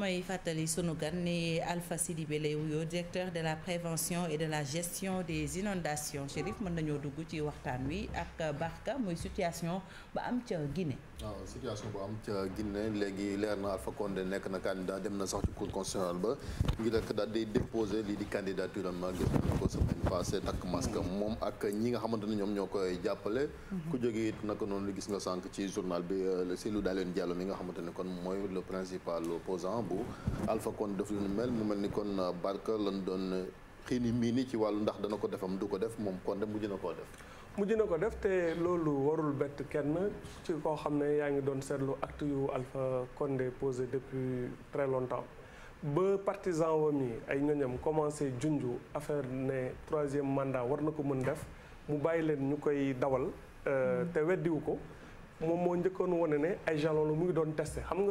may fàttali sunu gan ni Alpha Sidibé lay wuyoo directeur de la prévention et de la gestion des inondations Chérif mën nañoo dugg ci waxtaan wi ak Barka muy situation ba am ca Guinée. waaw situation bu am ca Guinée léegi leer na Alpha Condé nekk na candidat dem na sax ci cour constitutionnelle ba ngir rek daal di déposer lii di candidature am gis nañu ko semaine passée takk masque moom ak ñi nga xamante ne ñoom ñoo koy jàppale. ku jógee it naka noonu gis nga sànq ci journal bi euh, Cellou Dalein Diallo mi nga xamante kon mooy le principal opposant boobu Alpha Condé def lu mel mu mel ni kon na euh, Barka lan doon euh, xii ni mii ni ci wàllu ndax dana ko defam du ko def moom Condé mujj na koo def mujj na ko def te loolu warul bett kenn ci koo xam ne yaa ngi doon seetlu acte yu Alpha Condé posé depuis très longtemps ba partisan wam yi ay ñoñam commencé junju affaire ne troisième mandat war na ko mën def mu bàyyi leen ñu koy dawal euh, te weddiwu ko Mon nous ne ay testé xam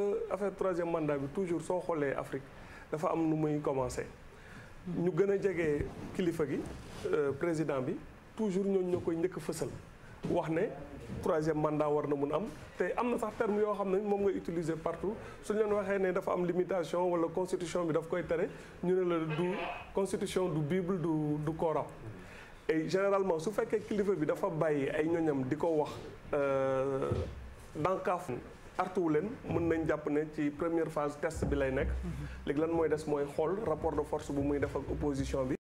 troisième mandat bi toujours Afrique dafa am nu commencé. Nous avons a euh, président bi toujours toujours koy a troisième mandat war na mun am terme partout Si nous avons des limitations, am limitation constitution nous avons koy constitution la du constitution bible du du Coran et généralement si vous kilifa bi dafa bàyyi ay ñoñam Euh, dànkaafu artuwu leen mën nañ jàpp ne ci première phase test bi lay nekk léegi lan mooy des mooy xool rapport de force bu muy def ak opposition bi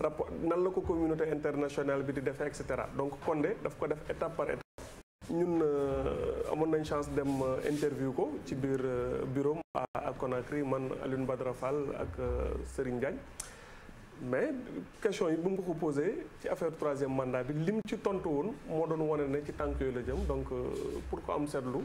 rapport nan la ko communauté internationale bi di defee et cetera donc Condé daf ko def étape par étape ñun euh, amoon nañ chance dem euh, interview ko ci biir bureau à Conakry man Alioune Badara Fall ak Serigne Diagne mais question yi bu mu ko posé ci affaire troisième mandat bi lim ci tontu woon moo doon wane ne ci tànk yooyu la jëm donc euh, pour ko am seetlu.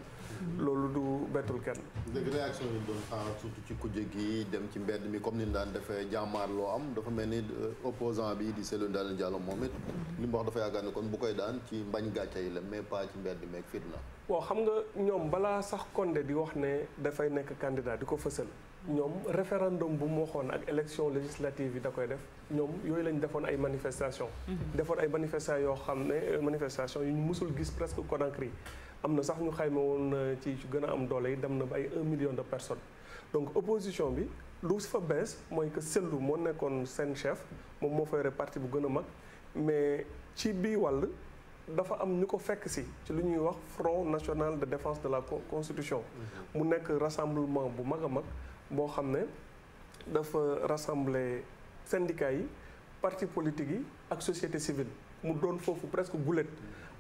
loolu du bettul kenn. dëgg réaction yi ci kujje gi dem ci mbedd mi comme ni daan defee jàmmaar loo am dafa mel ni euh, opposant bi di Cellou Dalein Diallo moom it li mu wax dafa yaakaar ne kon bu koy daan ci mbañ gàcce yi la mais pas ci mbedd meeg fitna. waaw xam nga ñoom balaa sax konde di wax ne dafay nekk candidat di ko fësal. ñom référendum bu mo xone ak élection législative yi da koy def ñom yoy lañ defoon ay manifestation mhm. defoon ay manifestation yo xamné euh, manifestation yu ñu musul gis presque Conakry am sax ñu xayma won euh, ci gën am doole dem na ay un million de personnes donc opposition bi lu fa bees moy que Cellou mo nekkoon sen chef mom mo fa yore parti bu gëna mag mais ci bi wal dafa am ñuko ko fekk ci ci lu ñuy wax Front national de défense de la constitution mhm. mu nekk rassemblement bu maga mag boo xam ne dafa rassembler syndicats yi parti politique yi ak société civile mu doon foofu presque gulet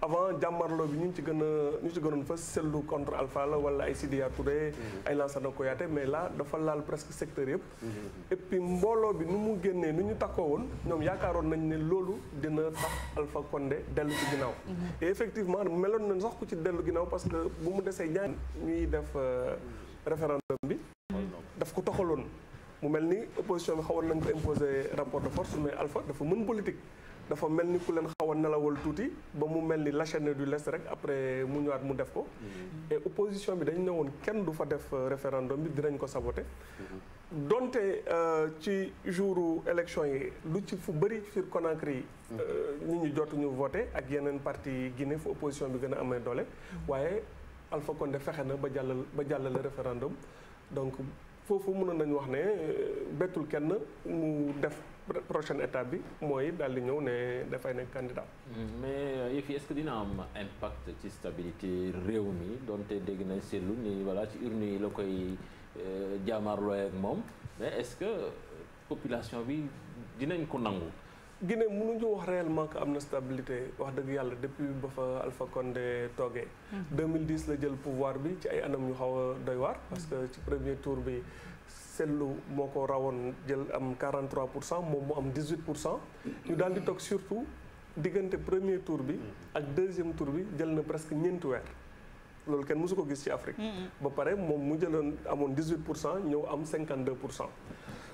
avant jàmmarloo bi ñu ci gën a ñu ci gënoon fa seetlu contre Alpha la wala ay Sidya Touré mhm. ay ko Koyaté mais là dafa laal presque secteur yëpp mhm. et puis mbooloo bi nu mu génnee nu ñu takkoo woon ñoom yaakaaroon nañ ne loolu dina tax Alpha Condé dellu ci ginnaaw mhm. effectivement meloon nañ sax ku ci dellu ginnaaw parce que bu mu desee ñaan ñuy def euh, référendum bi daf ko toxaloon mu mel ni opposition bi xawoon nañ ko imposer rapport de force mais Alpha dafa mën politique dafa mel ni ku leen xaw nelawal tuuti ba mu mel ni lâcher du lest rek après mu ñëwaat mu def ko mm-hmm. et opposition bi dañu ne woon kenn du fa def euh, référendum bi dinañ ko saboter mm-hmm. donte euh, ci jouru élection yi lu ci fu bëri sur Conakry mm-hmm. euh, nit ñi jotuñu voté ak yeneen parti Guinée fu opposition bi gën a amee doole waaye Alpha Condé fexe na ba jàll ba jàllale référendum donc foofu mënoon nañu wax ne euh, bettul kenn mu def prochaine état bi mooy daal di ñëw ne dafay nekk candidat. Mm, mais euh, yëf yi est-ce que dina am impact ci stabilité réew mi donte dégg nañ seetlu ni voilà ci urne yi la koy euh, jaamaarloo ak moom mais est-ce que population bi dinañ ko nangu. Guinée mënuñu wax réellement que am na stabilité wax dëgg yàlla depuis ba fa Alpha Condé toogee. 2010 mhm. la jël pouvoir bi ci ay anam ñu xaw a doy waar. parce que ci premier tour bi Sellu moo ko rawoon jël am 43 pour cent moom mu am 18 pour cent. ñu daal di surtout diggante premier tour bi. ak deuxième tour bi jël na presque ñeenti weer. loolu kenn mësu ko gis ci Afrique. Mhm. ba pare moom mu jëloon amoon 18 pour cent ñëw am 52 pour cent.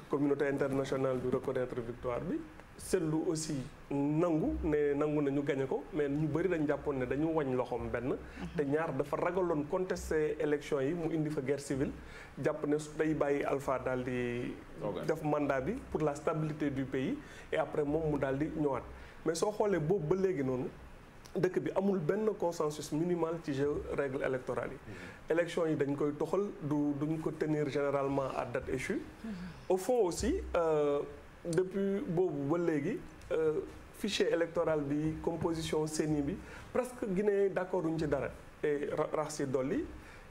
communauté internationale bi reconnaître victoire bi. seetlu aussi nangu ne nangu nañu ñu gagné ko mais ñu bari dañ japon né dañu wagn loxom ben té ñaar dafa ragalon contester élection yi mu indi fa guerre civile japp né day bàyyi Alpha daldi di. def mandat bi pour la stabilité du pays et après moom mu daldi ñëwaat mais so xolé boobu ba légui noonu. dëkk bi amul benn consensus minimal ci jeu règle électorale yi. Mhm. élection yi dañ koy toxal du duñ ko tenir généralement à date échue. Mhm. au fond aussi. Euh, depuis boobu ba léegi euh, fichier électoral bi composition CENI bi presque Guinée d'accord uñ ci dara te rax si dolli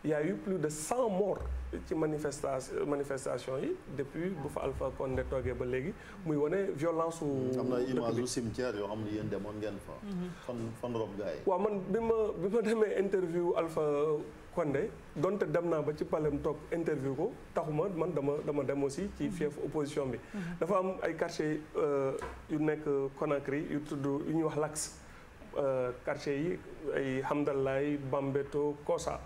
il y a eu plus de 100 morts ci manifestation manifestation yi depuis bu Alpha Condé togué ba légui muy woné violence su. am image yu cimetière yoo xam ne yéen demoon fa. Mhm. fan fan rob gars wa man bima bima démé interview Alpha Condé donte dem ba ci palem tok interview ko taxuma man dama dama dem aussi ci mhm. fief opposition bi. Mhm. dafa am ay quartiers euh, yu nekk Conakry yu tudd yu ñuy wax Lax euh, quartier yi ay Hamdallaye Bambeto Kosa.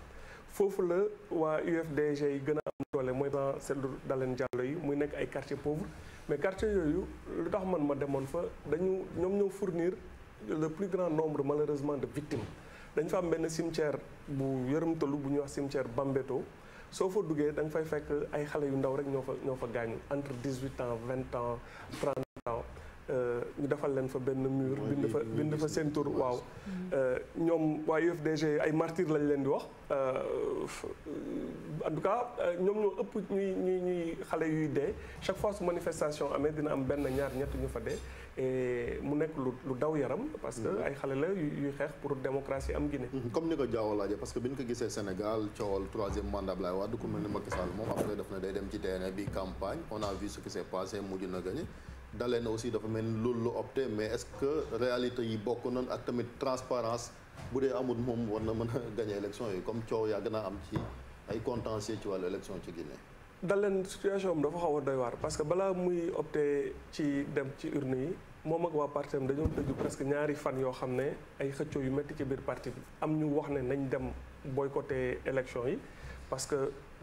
foofu la waa dg yi gën a am doole mooy dans seetlu daleen jàllo yi muy nekk ay quartiers pauvres mais quartiers yooyu lu tax man ma demoon fa dañu ñoom ñoo fournir le plus grand nombre malheureusement de victimes dañ fa am benn cimetière bu yërëmtalu bu ñuy wax cimetière Bambeto soo fa duggee da nga fay fekk ay xale yu ndaw rek ñoo fa ñoo fa gaañu entre dix huit ans vingt ans trente ans Euh, ñu defal leen fa benn mur bind fa bind fa seen waaw euh, ñoom waa UFDG ay martyrs lañu leen di wax euh, en tout cas ñoom ñoo ëpp ñuy ñuy xale yuy dee chaque fois su manifestation amee dina am benn ñaar ñett ñu fa dee mu nekk lu daw yaram parce mm-hmm. ay xale la yuy xeex pour démocratie am Guinée mm-hmm. comme ni ko Diaw laajee parce que bi ñu ko gisee Sénégal coowal troisième mandat Abdoulaye Wade ku mel ni Macky Sall moom après def na day dem ci terrain bi campagne on a dalee na aussi dafa mel ni loolu la opté mais est réalité yi bokk nañ ak tamit transparence bu dee amul moom war na mën a gagner élection yi comme coow yàgg naa am ci ay contentieux ci wàllu élection ci Guinée. dal leen situation am dafa xaw a doy waar parce que balaa muy opté ci dem ci urne yi moom ak waa parti am dañoo tëju presque ñaari fan yoo xam ne ay xëccoo yu métti ci biir parti am ñu wax ne nañ dem boycotter élection yi parce que.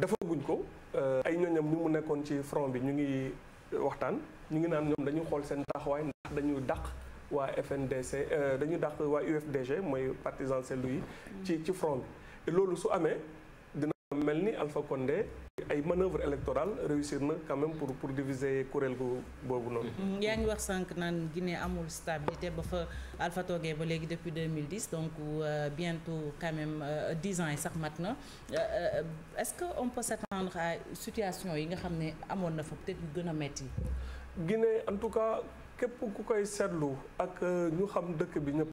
defaguñ ko euh ay ñoñam ñu mu nekkon ci front bi ñu ngi waxtaan ñu ngi naan ñom dañu xol sen taxway ndax dañu dakk wa FNDC euh dañu dakk wa UFDG moy Partisan Saint-Louis ci ci front bi et lolu su amé dina melni Alpha Condé ay manœuvres électorales réussir quand même pour pour diviser Corel gu non noonu. Mm-hmm. ngi wax sank naan Guinée amul stabilité ba fa Alpha Togué ba depuis 2010 donc euh, bientôt quand même 10 euh, ans et ça maintenant est-ce que on peut s'attendre à situation yi nga xamné amone na fa peut-être metti. Guinée en tout cas képp ku koy seetlu ak euh, ñu xam dëkk bi ñëpp.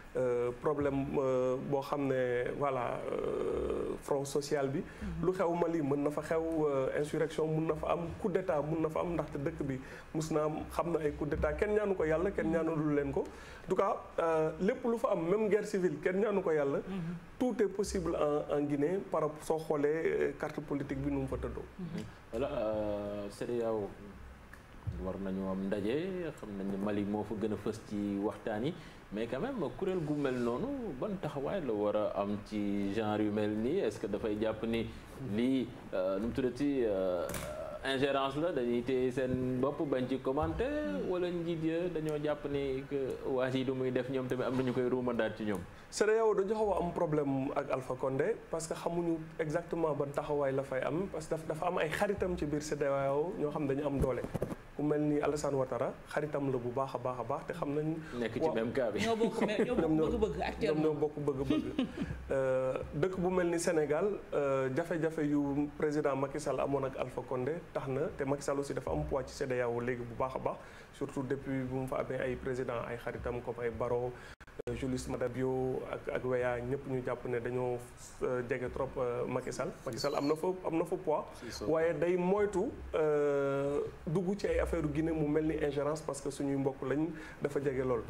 Euh, problème euh, boo xam ne voilà euh, front social bi. Mhm. lu xew Mali mën na fa xew insurrection mun na fa am coup d'état mun na fa am ndaxte dëkk bi mus naa xam na ay coup d'état kenn ñaanu ko yàlla kenn mhm. ñaanalul leen ko en tout lépp lu fa am même guerre civile kenn ñaanu ko yàlla. Mhm. tout est possible en Guinée par soo xoolee carte politique bi nu mu fa tëddoo. voilà CEDEAO war nañu am ndaje xam nañu mali mo fa gëna fess ci waxtaan yi mais quand même kurel gu mel nonu ban taxaway la wara am ci genre yu mel ni est ce que da fay ni li euh, num tudati euh, ingérence la dañuy té sen bop ban ci commenter wala njit ya dañu japp ni que waji du muy def ñom tamit am nañu koy ruma daat ci ñom sere yow do joxaw am problème ak alpha condé parce que xamuñu exactement ban taxaway la fay am parce que dafa am ay xaritam ci bir sédéwayo ño xam dañu am doole ku mel ni Alassane Ouattara xaritam la bu baax a baax a baax te xam nañ. nekk ci même cas bi ñoo bokk bëgg-bëgg bëgg-bëgg. Euh, dëkk bu mel ni Sénégal euh, jafe-jafe yu président Macky Sall amoon ak Alpha Condé tax na te Macky Sall aussi dafa am poids ci CEDEAO léegi bu baax a baax surtout depuis bu mu fa amee ay président ay xaritam comme ay baro Euh, Julius Mada Bio ak ak Weya ñëpp ñu jàpp ne dañoo euh, jege trop euh, Macky Sall Macky Sall am na fa am na fa poids waaye day moytu dugg ci ay affaire gine mu mel ni ingérance parce que suñuy mbokk lañ dafa jege lool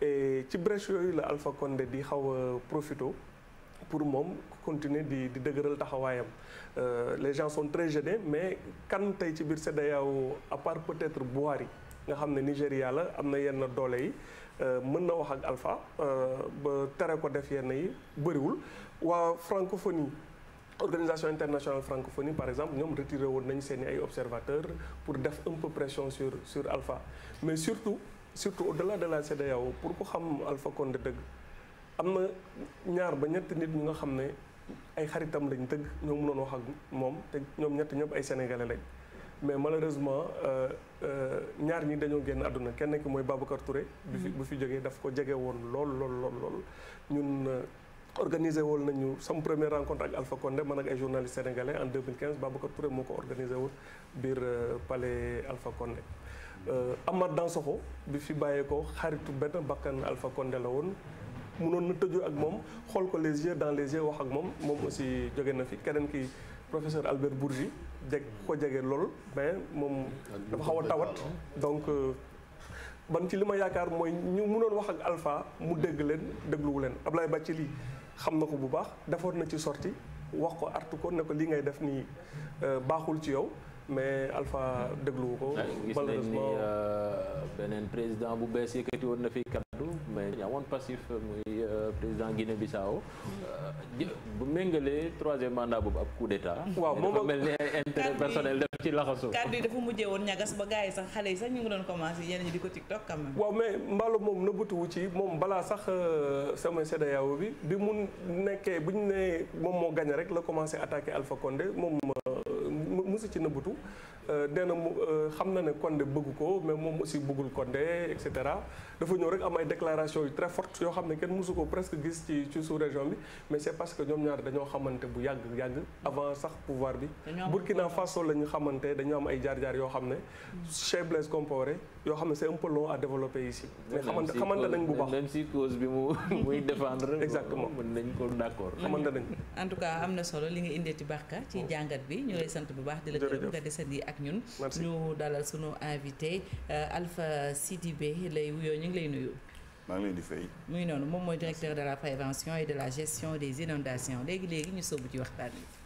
et ci brèche yooyu la Alpha Condé di xaw a profito pour moom continuer di di dëgëral taxawaayam les gens sont très gênés mais kan tey ci biir CEDEAO à part peut-être Buhari nga xam ne Nigéria la am na yenn doole yi Euh, mën na wax Alpha euh, ba téré ko francophonie organisation internationale francophonie par exemple ñom retiré won observateurs pour faire un peu pression sur Alpha mais surtout surtout au-delà de la CEDEAO pour ko xam Alpha ñaar ba nit nga ay xaritam lañ wax ak sénégalais mais malheureusement euh, euh, ñaar ñi dañoo génn àdduna kenn ki mooy Babacar Touré. bu fi mm-hmm. bu fi jógee daf ko jege woon lool lool lool lool ñun. Euh, organisé woon nañu sama première rencontre ak Alpha Condé man ak ay journalistes sénégalais en 2015 Babacar Touré moo ko organisé woon biir palais Alpha Condé dans Dansokho bi fi bàyyee ko xaritu benn bakkan Alpha Condé la woon munoon na tëju ak moom xool ko les yeux dans les yeux wax ak moom moom aussi jóge na fi keneen ki professeur Albert Bourgi jeg ko jege lool mais moom dafa xaw a tawat donc ban euh, ci li ma yaakaar mooy ñu mënoon wax ak Alpha mu dégg leen dégluwu leen Ablaye lii xam na ko bu baax defoon na ci sorti wax ko artu ko ne ko li ngay def nii euh, baaxul ci yow mais Alpha dégluwu ko malheureusement gis nañ euh, beneen président bu bees yëkkati woon na fi kaddu mais ñaawoon passif muy euh, président Guinée Bissau euh, bu méngalee troisième mandat boobu ab coup d'état waaw moom dafa mel ni ay intérêt personnel daf ci laxasoo kaddu yi dafa mujjee woon ñagas ba gars yi sax xale yi sax ñu ngi doon commencé yenn ñi di ko tiktok quand même waaw mais mbaalo moom nëbbatuwu ci moom balaa sax euh, sama CEDEAO bi bi mu nekkee bu ñu nee moom moo gañe rek la commencé attaqué Alpha Condé moom musu ci nëbbatu Euh, nee na mu euh, xam na ne Condé bëgg ko mais moom aussi bëggul Condé et dafa ñëw rek am ay déclaration yu très forte yoo xam ne kenn mosu ko presque gis ci ci sous région bi mais c'est parce Burkina Faso la ñu xamante dañoo am ay jaar-jaar yoo xam ne chez mm. Blaise Compaoré yoo xam ne c'est un peu long développer ici xamante xamante nañ bu baax si cause bi mu muy défendre exactement mën nañ xamante nañ na solo li nga indee ci Barka bu baax di la gërëm nga desandi ak Nous ñu dalal sunu invité euh, Alpha CDB, lay wuyoo ñu ngi lay nuyu. maa leen di fay. muy directeur de la prévention et de la gestion des inondations légui légui ñu sobu ci waxtaan